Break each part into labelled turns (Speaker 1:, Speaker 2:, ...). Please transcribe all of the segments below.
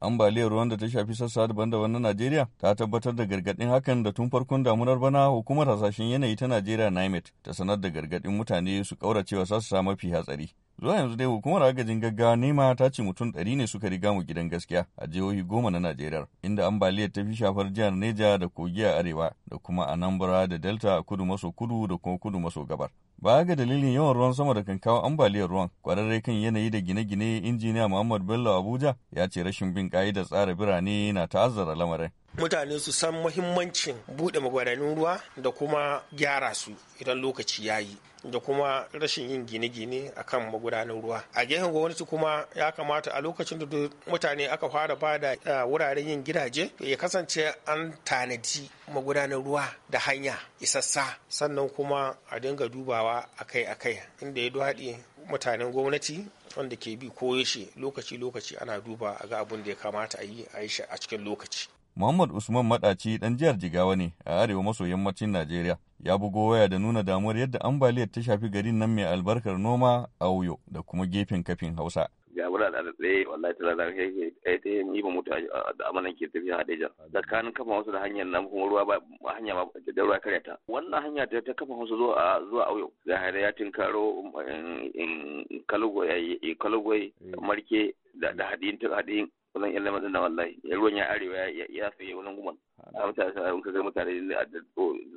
Speaker 1: ambaliyar ruwan da ta shafi sassa daban-daban na Najeriya ta tabbatar da gargaɗin hakan da tun farkon damunar bana hukumar hasashen yanayi ta Najeriya NIMET ta sanar da gargadin mutane su ƙauracewa sassa mafi hatsari. Zuwa yanzu dai hukumar agajin gaggawa nema ta ce mutum ɗari ne suka riga mu gidan gaskiya a jihohi goma na Najeriya, inda ambaliyar ta fi shafar jihar Neja da Kogi a arewa da kuma Anambra da Delta a kudu maso kudu da kuma kudu maso gabar. Baya ga dalilin yawan ruwan sama da kan ambaliyar ruwan, kwararre kan yanayi da gine-gine injiniya Muhammad Bello Abuja ya ce rashin bin ka'idar tsara birane na ta'azzara lamarin.
Speaker 2: mutane su san muhimmancin bude magudanin ruwa da kuma gyara su idan lokaci ya yi da kuma rashin yin gine-gine a kan magudanin ruwa a gefen gwamnati kuma ya kamata a lokacin da mutane aka fara bada da wuraren yin gidaje ya kasance an tanadi magudanin ruwa da hanya isassa sannan kuma a dinga dubawa akai-akai inda ya dwaɗe mutanen gwamnati wanda ke bi koyaushe lokaci-lokaci ana duba a ga abin da ya kamata a yi a yi shi a cikin lokaci
Speaker 1: Muhammad Usman Madaci dan jihar Jigawa ne a arewa maso yammacin Najeriya. Ya bugo waya da nuna damuwar yadda ambaliyar ta shafi garin nan mai albarkar noma a Uyo da kuma gefen kafin Hausa.
Speaker 3: ga muna da tsaye wallahi ta lalata kai eh, ta yi ba mutu da amanan ke tafiya a Deja da kanin kafa wasu da hanyar nan kuma ruwa ba hanya ma da ruwa kare ta wannan hanya ta ta kafa wasu zuwa zuwa Auyo da hare ya tinkaro in um, um, um, Kalugo ya Kalugo eh. marke da hadin hadin wannan yan lamarin da wallahi eh, ruwan ya arewa ya fiye wannan guman a mutane sun kaga mutane da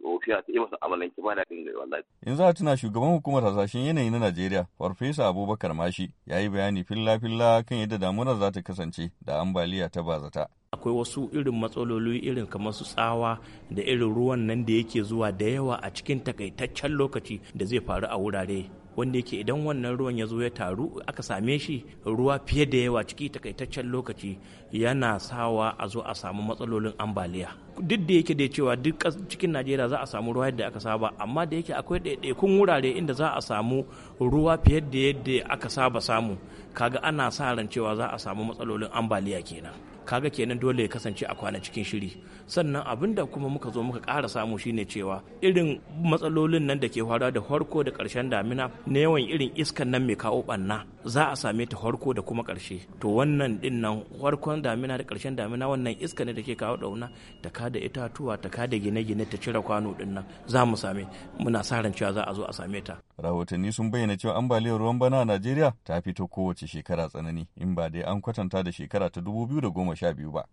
Speaker 3: ofiya ta yi masa amalan ki ba da dinga wallahi
Speaker 1: yanzu a tuna shugaban hukumar hasashen yanayi na Najeriya farfesa Abubakar Mashi ya yi bayani filla filla kan yadda damuwar za ta kasance da ambaliya ta bazata
Speaker 4: akwai wasu irin matsaloli irin kamar su tsawa da irin ruwan nan da yake zuwa da yawa a cikin takaitaccen lokaci da zai faru a wurare wanda yake idan wannan ruwan ya zo ya taru aka same shi ruwa fiye da yawa ciki takaitaccen lokaci yana sawa a zo a samu matsalolin ambaliya duk da yake da cewa duk cikin najeriya za a samu ruwa yadda aka saba amma da yake akwai ɗaiɗaikun wurare inda za a samu ruwa fiye da yadda aka saba samu kaga ana sa ran cewa za a samu matsalolin ambaliya kenan kaga kenan dole ya kasance a kwana cikin shiri sannan abin da kuma muka zo muka ƙara samu shine cewa irin matsalolin nan da ke faruwa da harko da ƙarshen damina na yawan irin iskan nan mai kawo banna za a same ta harko da kuma ƙarshe to wannan din nan harkon damina da ƙarshen damina wannan iska ne da ke kawo ɗauna ta kada itatuwa ta kada gine-gine ta cire kwano din nan za mu same muna sa ran cewa za a zo a same ta
Speaker 1: rahotanni sun bayyana cewa ambaliyar ruwan bana a Najeriya ta fito kowace shekara tsanani in ba dai an kwatanta da shekara ta 2010 sha biyu ba.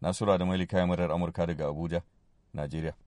Speaker 1: Nasura da Malika murar Amurka daga Abuja, Najeriya.